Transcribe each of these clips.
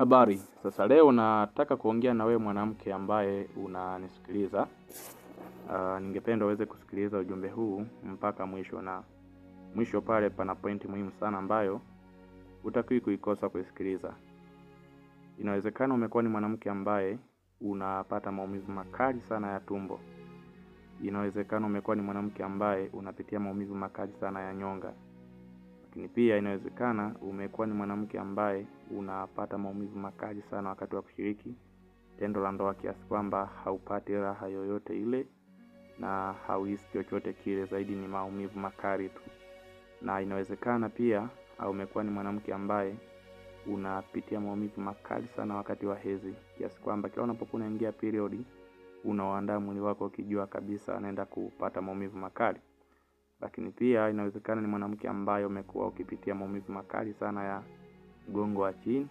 Habari, sasa leo nataka kuongea na wewe mwanamke ambaye unanisikiliza. Uh, ningependa uweze kusikiliza ujumbe huu mpaka mwisho, na mwisho pale pana pointi muhimu sana ambayo hutakiwi kuikosa kuisikiliza. Inawezekana umekuwa ni mwanamke ambaye unapata maumivu makali sana ya tumbo. Inawezekana umekuwa ni mwanamke ambaye unapitia maumivu makali sana ya nyonga. Lakini pia inawezekana umekuwa ni mwanamke ambaye unapata maumivu makali sana wakati wa kushiriki tendo la ndoa kiasi kwamba haupati raha yoyote ile na hauhisi chochote kile, zaidi ni maumivu makali tu. Na inawezekana pia au umekuwa ni mwanamke ambaye unapitia maumivu makali sana wakati wa hezi kiasi kwamba kila unapokuwa unaingia periodi unaoandaa mwili wako ukijua kabisa anaenda kupata maumivu makali lakini pia inawezekana ni mwanamke ambaye umekuwa ukipitia maumivu makali sana ya mgongo wa chini.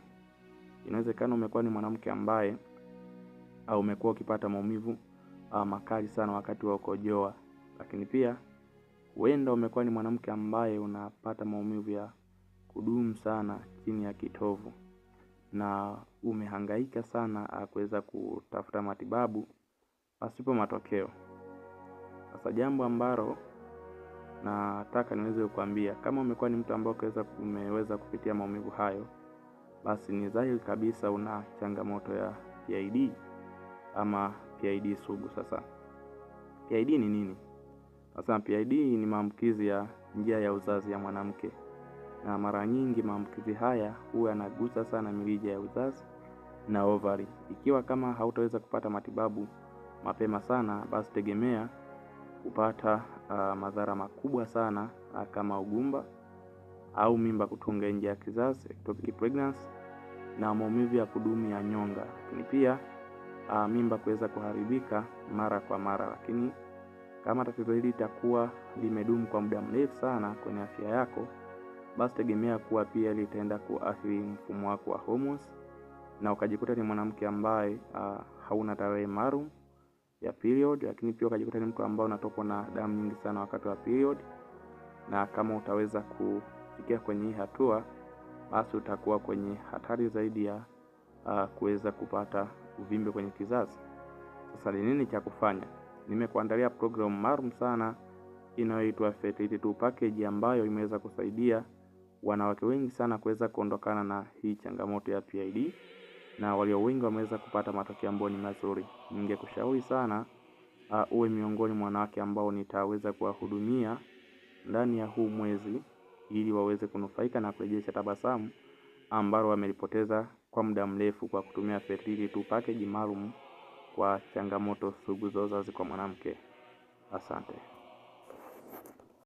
Inawezekana umekuwa ni mwanamke ambaye au umekuwa ukipata maumivu uh, makali sana wakati wa ukojoa, lakini pia huenda umekuwa ni mwanamke ambaye unapata maumivu ya kudumu sana chini ya kitovu na umehangaika sana ah, kuweza kutafuta matibabu pasipo matokeo. Sasa jambo ambalo na nataka niweze kukwambia kama umekuwa ni mtu ambaye umeweza kupitia maumivu hayo, basi ni dhahiri kabisa una changamoto ya PID ama PID sugu. Sasa PID ni nini? Sasa PID ni maambukizi ya njia ya uzazi ya mwanamke, na mara nyingi maambukizi haya huwa yanagusa sana mirija ya uzazi na ovary Ikiwa kama hautaweza kupata matibabu mapema sana, basi tegemea kupata uh, madhara makubwa sana uh, kama ugumba au mimba kutunga nje ya kizazi ectopic pregnancy, na maumivu ya kudumu ya nyonga, lakini pia uh, mimba kuweza kuharibika mara kwa mara. Lakini kama tatizo hili litakuwa limedumu kwa muda mrefu sana kwenye afya yako, basi tegemea kuwa pia litaenda kuathiri mfumo wako wa hormones na ukajikuta ni mwanamke ambaye uh, hauna tarehe maalum ya period, lakini pia ukajikuta ni mtu ambao unatokwa na damu nyingi sana wakati wa period, na kama utaweza kufikia kwenye hii hatua, basi utakuwa kwenye hatari zaidi ya uh, kuweza kupata uvimbe kwenye kizazi. Sasa ni nini cha kufanya? Nimekuandalia programu maalum sana inayoitwa Fertility 2 package ambayo imeweza kusaidia wanawake wengi sana kuweza kuondokana na hii changamoto ya PID na walio wengi wameweza kupata matokeo ambayo ni mazuri. Ningekushauri sana uh, uwe miongoni mwa wanawake ambao nitaweza kuwahudumia ndani ya huu mwezi ili waweze kunufaika na kurejesha tabasamu ambalo wamelipoteza kwa muda mrefu kwa kutumia Fertility tu package maalum kwa changamoto sugu za uzazi kwa mwanamke. Asante.